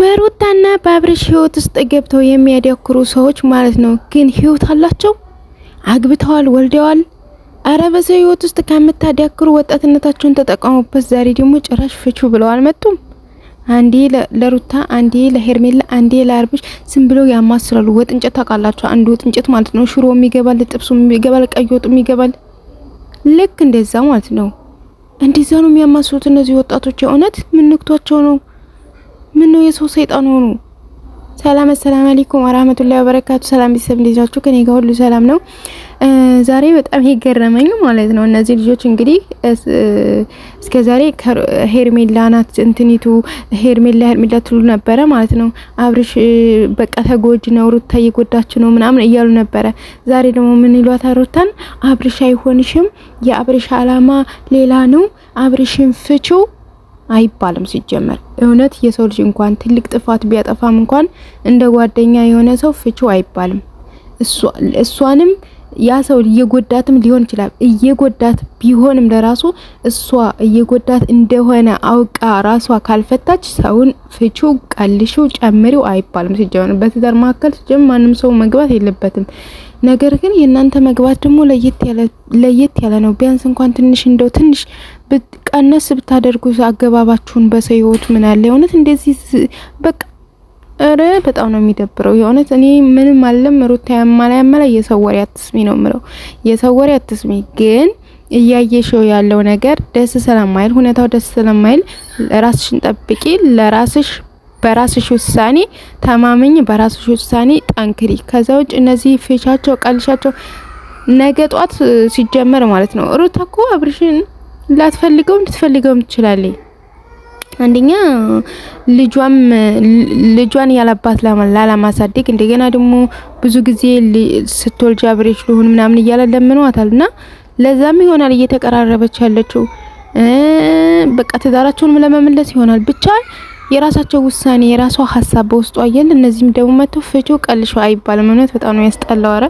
በሩታና በአብርሽ ህይወት ውስጥ ገብተው የሚያደክሩ ሰዎች ማለት ነው። ግን ህይወት አላቸው፣ አግብተዋል፣ ወልደዋል። አረ በሰው ህይወት ውስጥ ከምታዳክሩ ወጣትነታቸውን ተጠቀሙበት። ዛሬ ደግሞ ጭራሽ ፍቹ ብለው አልመጡም። አንዴ ለሩታ አንዴ ለሄርሜላ አንዴ ለአብርሽ ዝም ብለው ያማስላሉ። ወጥ እንጨት ታውቃላችሁ? አንድ ወጥ ማለት ነው። ሽሮም ይገባል፣ ጥብሱም ይገባል፣ ቀይ ወጡም ይገባል። ልክ እንደዛ ማለት ነው። እንደዛ ነው የሚያማስሉት እነዚህ ወጣቶች። የእውነት ምን ንክቷቸው ነው? ምን ነው የሰው ሰይጣን ሆኑ። ሰላም አሰላም አለይኩም ወራህመቱላሂ ወበረካቱ። ሰላም ቤተሰብ እንዴት ናችሁ? ከኔ ጋር ሁሉ ሰላም ነው። ዛሬ በጣም የገረመኝ ማለት ነው እነዚህ ልጆች እንግዲህ እስከ ዛሬ ሄርሜላ ናት እንትኒቱ ሄርሜላ ሄርሜላ ትሉ ነበረ ማለት ነው። አብርሽ በቃ ተጎጂ ነው፣ ሩታ እየጎዳችሁ ነው ምናምን እያሉ ነበረ። ዛሬ ደግሞ ምን ይሏታል ሩታን? አብርሽ አይሆንሽም፣ የአብርሽ አላማ ሌላ ነው፣ አብርሽን ፍቺው አይባልም ሲጀመር። እውነት የሰው ልጅ እንኳን ትልቅ ጥፋት ቢያጠፋም እንኳን እንደ ጓደኛ የሆነ ሰው ፍቹ አይባልም። እሷንም ያ ሰው እየጎዳትም ሊሆን ይችላል። እየጎዳት ቢሆንም ለራሱ እሷ እየጎዳት እንደሆነ አውቃ ራሷ ካልፈታች ሰውን ፍቹ፣ ቀልሹ፣ ጨምሪው አይባልም ሲጀመር። በትዳር መካከል ሲጀመር ማንም ሰው መግባት የለበትም። ነገር ግን የእናንተ መግባት ደግሞ ለየት ያለ ነው። ቢያንስ እንኳን ትንሽ እንደው ትንሽ ቀነስ ብታደርጉ አገባባችሁን በሰው ህይወት ምን አለ የእውነት እንደዚህ በቃ እረ በጣም ነው የሚደብረው። የእውነት እኔ ምንም አለም ሩታ ያማላ ያማላ የሰው ወሬ አትስሚ ነው የምለው። የሰው ወሬ አትስሚ ግን እያየሽው ያለው ነገር ደስ ስለማይል ሁኔታው ደስ ስለማይል ራስሽን ጠብቂ። ለራስሽ በራስሽ ውሳኔ ተማመኝ፣ በራስሽ ውሳኔ ጠንክሪ። ከዛ ውጭ እነዚህ ፊሻቸው ቀልሻቸው ነገ ጧት ሲጀመር ማለት ነው ሩታ እኮ አብርሽን ላትፈልገውም ልትፈልገውም ትችላለች። አንደኛ ልጇም ልጇን ያላባት ላላማሳደግ እንደገና ደግሞ ብዙ ጊዜ ስትወልጅ አብሬች ልሆን ምናምን እያለ ለምኗታልና ለዛም ይሆናል እየተቀራረበች ያለችው በቃ ትዳራቸውንም ለመመለስ ይሆናል ብቻ የራሳቸው ውሳኔ የራሷ ሀሳብ በውስጡ አየል። እነዚህም ደግሞ መጥቶ ፍቺው ቀልሾ አይባልም። እውነት በጣም ነው ያስጠላው። አረ